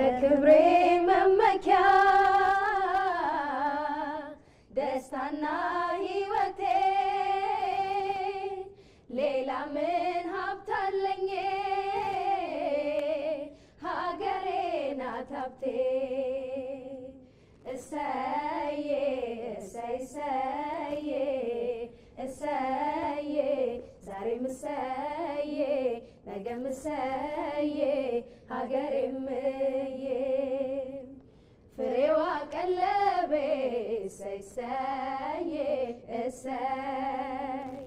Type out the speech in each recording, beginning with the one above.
ለክብሬ መመኪያ ደስታና ሕይወቴ ሌላ ምን ሀብት አለኝ? ሀገሬ ናት ሀብቴ። እሰዬ እሰይ እሰዬ እሰዬ ዛሬም እሰይ ነገምሰዬ ሀገር ፍሬዋ ቀለቤ ሰይሰዬ እሰይ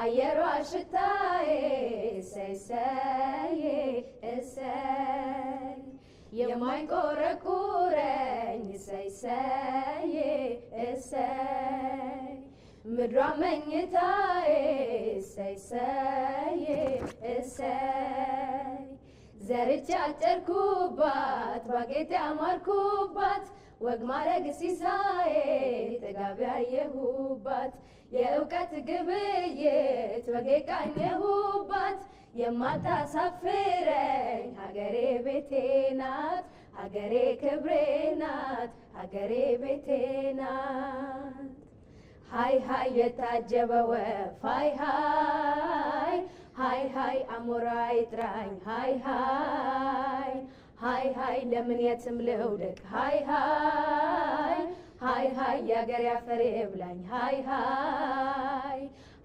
አየሯ ሽታዬ ሰይሰዬ እሰይ የማይቆረቁረኝ ሰይሰዬ እሰይ ምድሯ መኝታዬ ሰይሰይ አሰይ ዘርቼ አጨርኩባት ባጌጤ አማርኩባት ወግ ማረግ ሲሳዬ ጥጋቢ አየሁባት የእውቀት ግብይት ወጌ ቃኘሁባት የማታሳፍረኝ ሀገሬ ቤቴ ናት ሀገሬ ክብሬ ናት ሀገሬ ቤቴ ናት ሀይ ሀይ የታጀበ ወፍ ሀይ ሀይ ሃይ ሃይ አሞራ ይጥራኝ ሃይ ሃይ ሃይ ሃይ ለምን የትም ልውደቅ ሃይ ሃይ ሃይ ሃይ የአገሬ አፈር ይብላኝ ሃይ ሃይ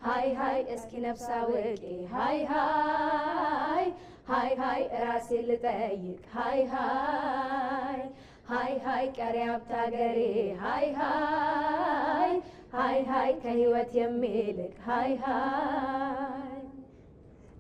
ሃይ ሃይ እስኪ ነፍሳ ውቄ ሃይ ሃይ ሃይ ሃይ ራሴ ልጠይቅ ሃይ ሃይ ሃይ ሃይ ቀሪ ሀብት አገሬ ሃይ ሃይ ሃይ ሃይ ከህይወት የሚልቅ ሃይ ሃይ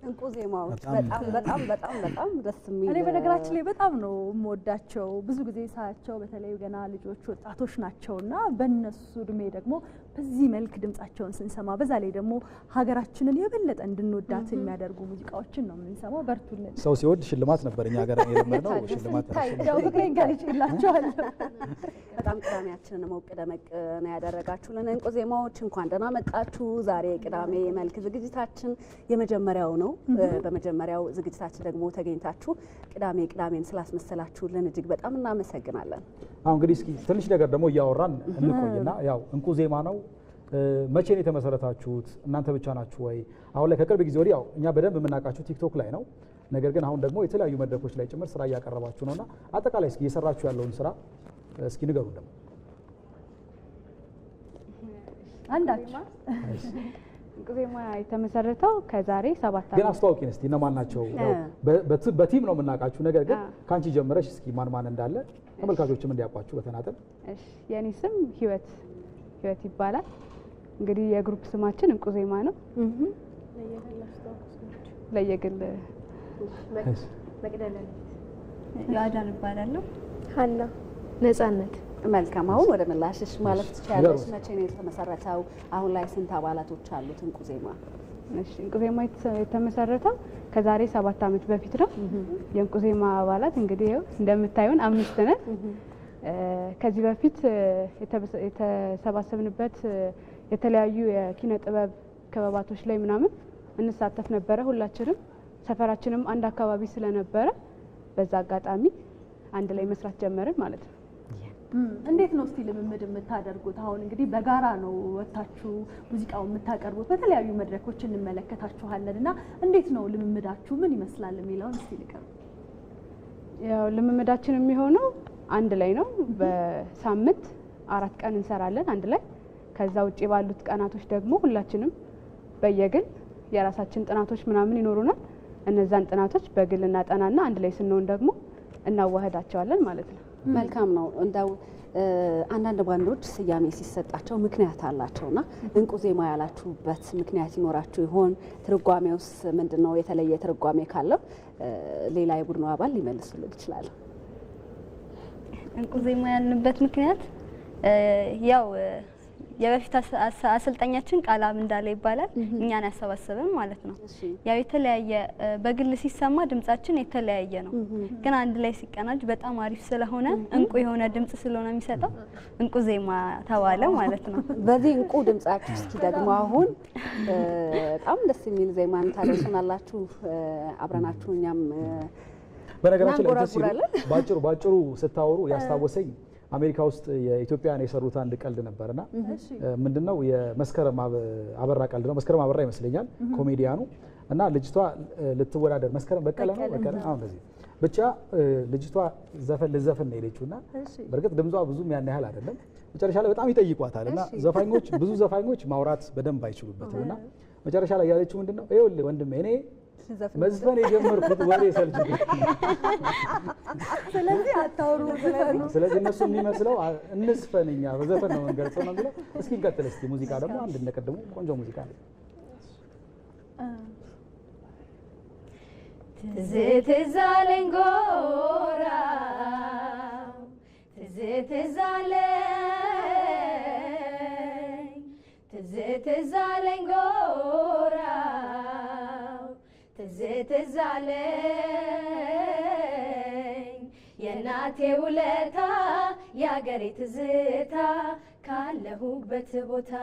እንቁ ዜማዎች በጣም በጣም በጣም በጣም ደስ የሚል። እኔ በነገራችን ላይ በጣም ነው የምወዳቸው ብዙ ጊዜ ሳያቸው፣ በተለይ ገና ልጆች ወጣቶች ናቸውና በእነሱ እድሜ ደግሞ በዚህ መልክ ድምጻቸውን ስንሰማ በዛ ላይ ደግሞ ሀገራችንን የበለጠ እንድንወዳት የሚያደርጉ ሙዚቃዎችን ነው የምንሰማው። በርቱልን። ሰው ሲወድ ሽልማት ነበር እኛ ሀገር የለመድነው ሽልማት ላቸዋል። በጣም ቅዳሜያችንን ሞቅ ደመቅ ነው ያደረጋችሁልን። እንቁ ዜማዎች እንኳን ደህና መጣችሁ። ዛሬ ቅዳሜ መልክ ዝግጅታችን የመጀመሪያው ነው። በመጀመሪያው ዝግጅታችን ደግሞ ተገኝታችሁ ቅዳሜ ቅዳሜን ስላስመሰላችሁልን እጅግ በጣም እናመሰግናለን። አሁን እንግዲህ እስኪ ትንሽ ነገር ደግሞ እያወራን እንቆይና ያው እንቁ ዜማ ነው መቼ ነው የተመሰረታችሁት? እናንተ ብቻ ናችሁ ወይ? አሁን ላይ ከቅርብ ጊዜ ወዲህ ያው እኛ በደንብ የምናውቃችሁ ቲክቶክ ላይ ነው። ነገር ግን አሁን ደግሞ የተለያዩ መድረኮች ላይ ጭምር ስራ እያቀረባችሁ ነውና አጠቃላይ እስኪ እየሰራችሁ ያለውን ስራ እስኪ ንገሩ። ደግሞ አንዳችሁ ዜማ የተመሰረተው ከዛሬ ሰባት ግን አስተዋውቂን እስቲ እነማን ናቸው? በቲም ነው የምናውቃችሁ። ነገር ግን ከአንቺ ጀምረሽ እስኪ ማን ማን እንዳለ ተመልካቾችም እንዲያውቋችሁ በተናጠል። የኔ ስም ህይወት ህይወት ይባላል። እንግዲህ የግሩፕ ስማችን እንቁ ዜማ ነው። ለየግል የአዳን እባላለሁ። ሀና ነጻነት። መልካም አሁን ወደ ምላሽሽ ማለፍ ትችያለሽ። መቼ ነው የተመሰረተው? አሁን ላይ ስንት አባላቶች አሉት እንቁ ዜማ? እንቁ ዜማ የተመሰረተው ከዛሬ ሰባት ዓመት በፊት ነው። የእንቁዜማ አባላት እንግዲህ እንደምታዩን አምስት ነን። ከዚህ በፊት የተሰባሰብንበት የተለያዩ የኪነ ጥበብ ክበባቶች ላይ ምናምን እንሳተፍ ነበረ። ሁላችንም ሰፈራችንም አንድ አካባቢ ስለነበረ በዛ አጋጣሚ አንድ ላይ መስራት ጀመርን ማለት ነው። እንዴት ነው እስቲ ልምምድ የምታደርጉት? አሁን እንግዲህ በጋራ ነው ወታችሁ ሙዚቃውን የምታቀርቡት፣ በተለያዩ መድረኮች እንመለከታችኋለን እና እንዴት ነው ልምምዳችሁ ምን ይመስላል የሚለውን እስቲ ልቀሩ። ያው ልምምዳችን የሚሆነው አንድ ላይ ነው። በሳምንት አራት ቀን እንሰራለን አንድ ላይ። ከዛ ውጭ ባሉት ቀናቶች ደግሞ ሁላችንም በየግል የራሳችን ጥናቶች ምናምን ይኖሩናል። እነዛን ጥናቶች በግል እናጠናና አንድ ላይ ስንሆን ደግሞ እናዋህዳቸዋለን ማለት ነው። መልካም ነው። እንደው አንዳንድ ባንዶች ስያሜ ሲሰጣቸው ምክንያት አላቸውና እንቁ ዜማ ያላችሁበት ምክንያት ይኖራችሁ ይሆን? ትርጓሜውስ ምንድን ነው? የተለየ ትርጓሜ ካለው ሌላ የቡድኑ አባል ሊመልሱልን ይችላል። እንቁ ዜማ ያልንበት ምክንያት ያው የበፊት አሰልጣኛችን ቃላም እንዳለ ይባላል እኛን ያሰባሰበን ማለት ነው። ያው የተለያየ በግል ሲሰማ ድምጻችን የተለያየ ነው፣ ግን አንድ ላይ ሲቀናጅ በጣም አሪፍ ስለሆነ እንቁ የሆነ ድምጽ ስለሆነ የሚሰጠው እንቁ ዜማ ተባለ ማለት ነው። በዚህ እንቁ ድምጻችሁ እስኪ ደግሞ አሁን በጣም ደስ የሚል ዜማ ታደርሱናላችሁ አብረናችሁ እኛም በነገራችን ላይ ባጭሩ ባጭሩ ስታወሩ ያስታወሰኝ አሜሪካ ውስጥ የኢትዮጵያን የሰሩት አንድ ቀልድ ነበርና ምንድነው የመስከረም አበራ ቀልድ ነው። መስከረም አበራ ይመስለኛል ኮሜዲያኑ እና ልጅቷ ልትወዳደር መስከረም በቀለ ነው በቀለ አሁን እንደዚህ ብቻ ልጅቷ ዘፈን ልዘፈን ነው የሄደችው እና በእርግጥ ድምጿ ብዙም ያን ያህል አይደለም። መጨረሻ ላይ በጣም ይጠይቋታል እና ዘፋኞች ብዙ ዘፋኞች ማውራት በደንብ አይችሉበትም እና መጨረሻ ላይ ያለችው ምንድነው ይኸውልህ ወንድሜ እኔ መዝፈን የጀመርኩት ወሬ ሰልችት። ስለዚህ አታወሩ። ስለዚህ እነሱ የሚመስለው እንዝፈን፣ እኛ በዘፈን ነው የምንገልጸው ነው ብለው። እስኪ እንቀጥል። እስኪ ሙዚቃ ደግሞ አንድ እንደቀድሞ ቆንጆ ሙዚቃ ነው። ትዝ ትዝ አለኝ ጎራ ትዝ ትዝ አለኝ ትዝ ትዝ አለኝ ጎራ ትዝ ትዝ አለኝ የእናቴ ውለታ የአገሬ ትዝታ ካለሁበት ቦታ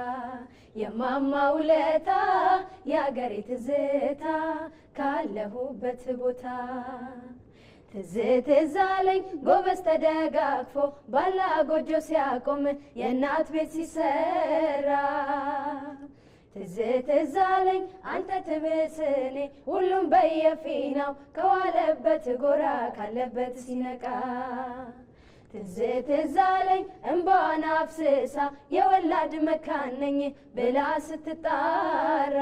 የማማ ውለታ የአገሬ ትዝታ ካለሁበት ቦታ ትዝ ትዝ አለኝ ጎበዝ ተደጋግፎ ባላ ጎጆ ሲያቆም የእናት ቤት ሲሰራ ትዝ ትዝ አለኝ አንተ ትብስኔ ሁሉም በየፊናው ከዋለበት ጎራ ካለበት ሲነቃ ትዝ ትዝ አለኝ እምባዋን አፍስሳ የወላድ መካነኝ ብላ ስትጣራ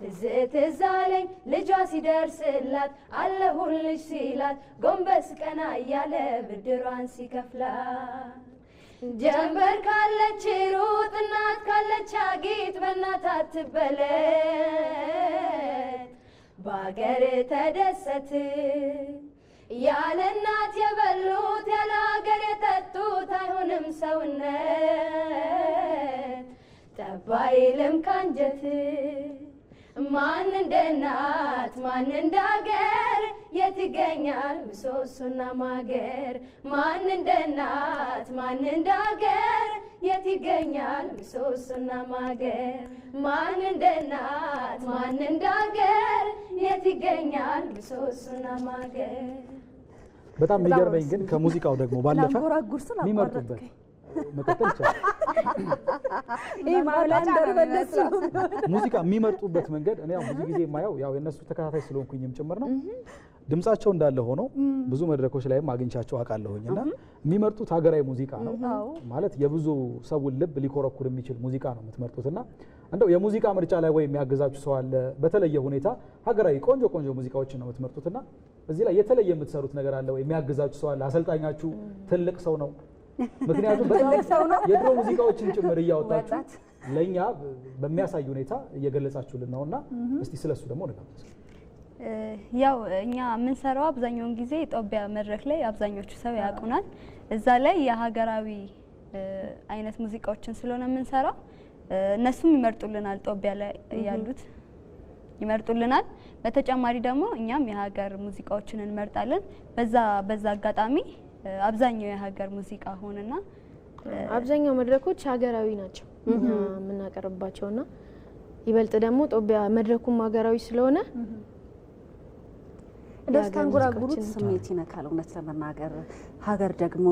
ትዝ ትዝ አለኝ ልጇ ሲደርስላት አለሁልሽ ሲላት ጎንበስ ቀና እያለ ብድሯን ሲከፍላ ጀንበር ካለች ሩጥ እናት ካለች ዳጊት በእናት አትበለት በአገር ተደሰት ያለ እናት የበሉት ያለ አገር የጠጡት አይሆንም ሰውነት ጠባይ ለምካንጀት ማን እንደ እናት ማን እንደ አገር የት ይገኛል ምሰሶና ማገር ማን እንደ እናት ማን እንደ አገር የት ይገኛል ምሶሶና ማገር? ማን እንደ እናት ማን እንደ አገር? የት ይገኛል ምሶሶና ማገር? በጣም የሚገርመኝ ግን ከሙዚቃው ደግሞ ባለፈ የሚመርጡበት መቀጠል ይቻላል። ሙዚቃ የሚመርጡበት መንገድ እኔ ብዙ ጊዜ የማየው ያው የእነሱ ተከታታይ ስለሆንኩኝም ጭምር ነው። ድምጻቸው እንዳለ ሆኖ ብዙ መድረኮች ላይም አግኝቻቸው አውቃለሁኝ እና የሚመርጡት ሀገራዊ ሙዚቃ ነው ማለት የብዙ ሰውን ልብ ሊኮረኩር የሚችል ሙዚቃ ነው የምትመርጡት እና እንደው የሙዚቃ ምርጫ ላይ ወይ የሚያገዛችሁ ሰው አለ? በተለየ ሁኔታ ሀገራዊ ቆንጆ ቆንጆ ሙዚቃዎችን ነው የምትመርጡትና እዚህ ላይ የተለየ የምትሰሩት ነገር አለ ወይ? የሚያገዛችሁ ሰው አለ? አሰልጣኛችሁ ትልቅ ሰው ነው ምክንያቱም በጣም የድሮ ሙዚቃዎችን ጭምር እያወጣችሁ ለእኛ በሚያሳይ ሁኔታ እየገለጻችሁልን ነው እና እስቲ ስለሱ ደግሞ ንጋብዘ ያው እኛ የምንሰራው አብዛኛውን ጊዜ ጦቢያ መድረክ ላይ አብዛኞቹ ሰው ያውቁናል። እዛ ላይ የሀገራዊ አይነት ሙዚቃዎችን ስለሆነ የምንሰራው እነሱም ይመርጡልናል፣ ጦቢያ ላይ ያሉት ይመርጡልናል። በተጨማሪ ደግሞ እኛም የሀገር ሙዚቃዎችን እንመርጣለን። በዛ በዛ አጋጣሚ አብዛኛው የሀገር ሙዚቃ ሆነና አብዛኛው መድረኮች ሀገራዊ ናቸው የምናቀርብባቸውና ይበልጥ ደግሞ ጦቢያ መድረኩም ሀገራዊ ስለሆነ ደስታንጎራጉሩት ስሜት ይነካል። እውነት ለመናገር ሀገር ደግሞ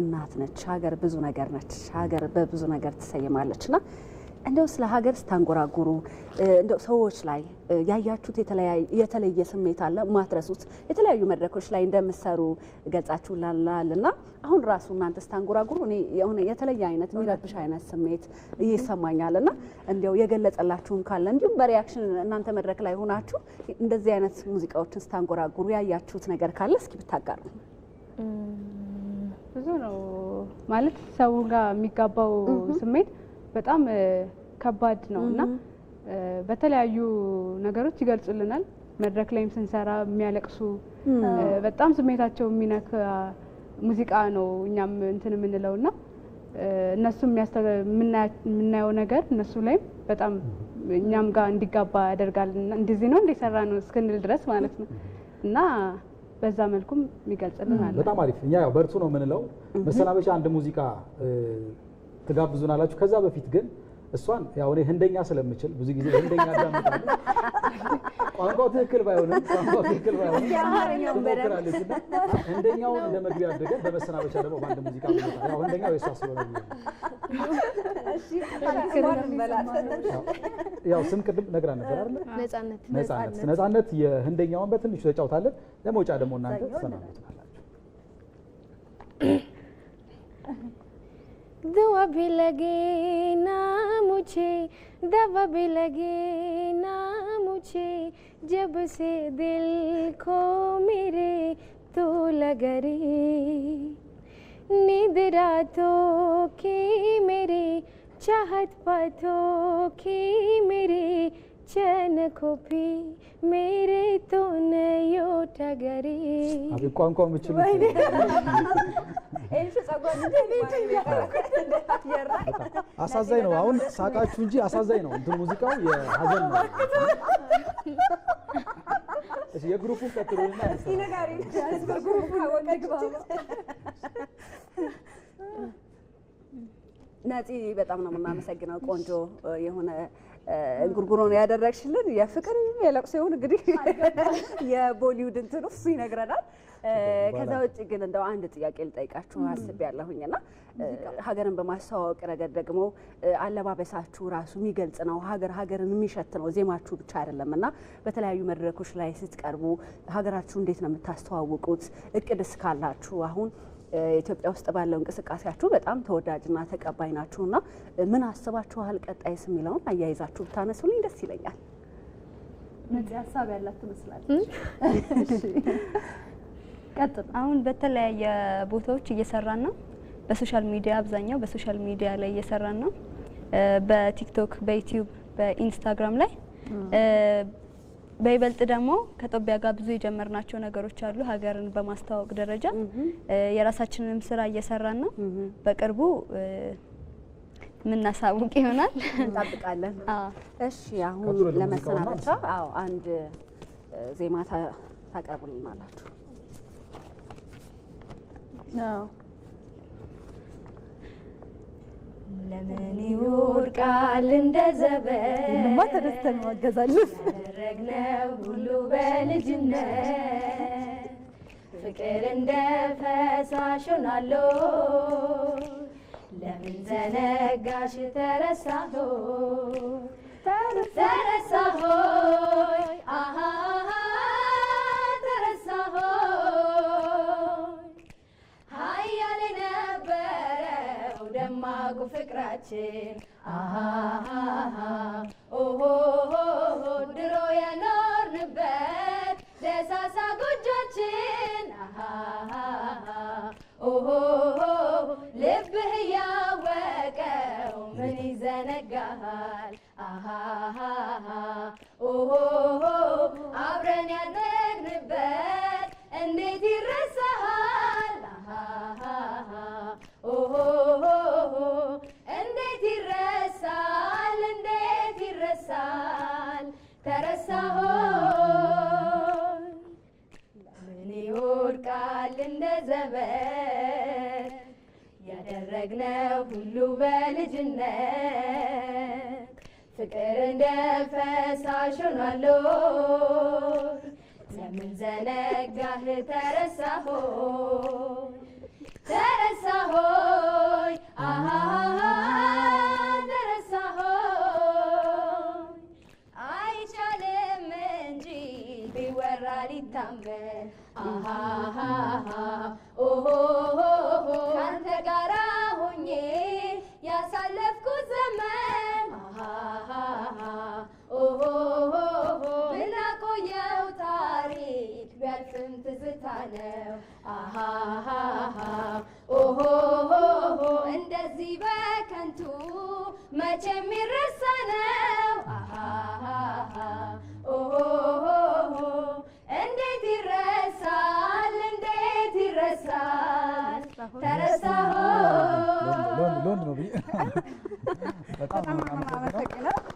እናት ነች። ሀገር ብዙ ነገር ነች። ሀገር በብዙ ነገር ትሰይማለች እና እንደው ስለ ሀገር ስታንጎራጉሩ እንደው ሰዎች ላይ ያያችሁት የተለየ ስሜት አለ ማትረሱት? የተለያዩ መድረኮች ላይ እንደምሰሩ ገጻችሁ ላላል እና አሁን ራሱ እናንተ ስታንጎራጉሩ እኔ የሆነ የተለየ አይነት የሚረብሽ አይነት ስሜት ይሰማኛል እና እንዲያው የገለጸላችሁም ካለ እንዲሁም በሪያክሽን እናንተ መድረክ ላይ ሆናችሁ እንደዚህ አይነት ሙዚቃዎችን ስታንጎራጉሩ ያያችሁት ነገር ካለ እስኪ ብታጋሩ። ብዙ ነው ማለት ሰው ጋር የሚጋባው ስሜት በጣም ከባድ ነው እና በተለያዩ ነገሮች ይገልጹልናል። መድረክ ላይም ስንሰራ የሚያለቅሱ በጣም ስሜታቸው የሚነካ ሙዚቃ ነው እኛም እንትን የምንለው እና እነሱ የምናየው ነገር እነሱ ላይም በጣም እኛም ጋር እንዲጋባ ያደርጋል። እንደዚህ ነው እንደሰራ ነው እስክንል ድረስ ማለት ነው እና በዛ መልኩም ይገልጽልናል። በጣም አሪፍ። እኛ ያው በርቱ ነው የምንለው መሰናበቻ አንድ ሙዚቃ ትጋብዙን አላችሁ። ከዛ በፊት ግን እሷን ያው እኔ ህንደኛ ስለምችል ብዙ ጊዜ ህንደኛ አዳምጣለሁ። ቋንቋው ትክክል ባይሆንም ቋንቋው ትክክል ባይሆንም ትሞክራለች እና ህንደኛውን ለመግቢያ አድርገን በመሰናበቻ ደግሞ በአንድ ሙዚቃ ያው ህንደኛው የእሷ ስለሆነ ያው ስም ቅድም ነግራ ነበር አይደለ? ነጻነት ነጻነት የህንደኛውን በትንሹ ተጫውታለን። ለመውጫ ደግሞ እናንተ ሰናበቱ ካላችሁ दुआ भी लगे ना मुझे दवा भी लगे ना मुझे जब से दिल खो मेरे तो लग रे नींद रातों की मेरी चाहत पथों की मेरी चैन खोपी मेरे तो नहीं उठ गरे अभी कौन कौन አሳዛኝ ነው። አሁን ሳቃችሁ እንጂ አሳዛኝ ነው። እንትን ሙዚቃው የሀዘን ነው። የግሩፑ ቀጥሎና ነፂ በጣም ነው የምናመሰግነው ቆንጆ የሆነ እንጉርጉሮን ያደረግሽልን የፍቅር የለቅሶ ይሁን እንግዲህ የቦሊውድ እንትን እሱ ይነግረናል። ከዛ ውጭ ግን እንደው አንድ ጥያቄ ልጠይቃችሁ አስቤያለሁኝና ሀገርን በማስተዋወቅ ረገድ ደግሞ አለባበሳችሁ ራሱ የሚገልጽ ነው፣ ሀገር ሀገርን የሚሸት ነው። ዜማችሁ ብቻ አይደለም እና በተለያዩ መድረኮች ላይ ስትቀርቡ ሀገራችሁ እንዴት ነው የምታስተዋውቁት? እቅድ እስካላችሁ አሁን ኢትዮጵያ ውስጥ ባለው እንቅስቃሴያችሁ በጣም ተወዳጅና ተቀባይ እና ምን አስባችኋል ቀጣይስ የሚለውን አያይዛችሁ ብታነሱልኝ ደስ ይለኛል። ነዚህ ሀሳብ ያላት ትመስላለች። ቀጥል። አሁን በተለያየ ቦታዎች እየሰራን ነው። በሶሻል ሚዲያ አብዛኛው በሶሻል ሚዲያ ላይ እየሰራን ነው። በቲክቶክ፣ በዩቲዩብ፣ በኢንስታግራም ላይ በይበልጥ ደግሞ ከጦቢያ ጋር ብዙ የጀመርናቸው ነገሮች አሉ። ሀገርን በማስተዋወቅ ደረጃ የራሳችንንም ስራ እየሰራን ነው። በቅርቡ የምናሳውቅ ይሆናል። እንጠብቃለን። እሺ፣ አሁን ለመሰናበቻ አዎ፣ አንድ ዜማ ታቀርቡልኝ አላችሁ። ለምን ይወድቃል እንደ ዘበን ማ ተደስተን ማገዛለን ያደረግነው ሁሉ በልጅነት ፍቅር እንደ ፈሳሽ ሆናሎ ለምን ዘነጋሽ ተረሳሆ ተረሳሆይ ደማቁ ፍቅራችን ኦሆ ድሮ የኖርንበት ደሳሳ ጎጆችን ኦሆ ልብህ እያወቀው ምን ይዘነጋሃል? ኦሆ አብረን ያደግንበት እንዴት ይረሳሃል? ጸጋህ ተረሳሆ ተረሳሆ የሚያረጋግጥም ትዝታ ነው። አሃሃሃ ኦሆሆሆ እንደዚህ በከንቱ መቼ የሚረሳ ነው። አሃሃሃ ኦሆሆሆ እንዴት ይረሳል? እንዴት ይረሳል? ተረሳሆ ሎንድ ነው። በጣም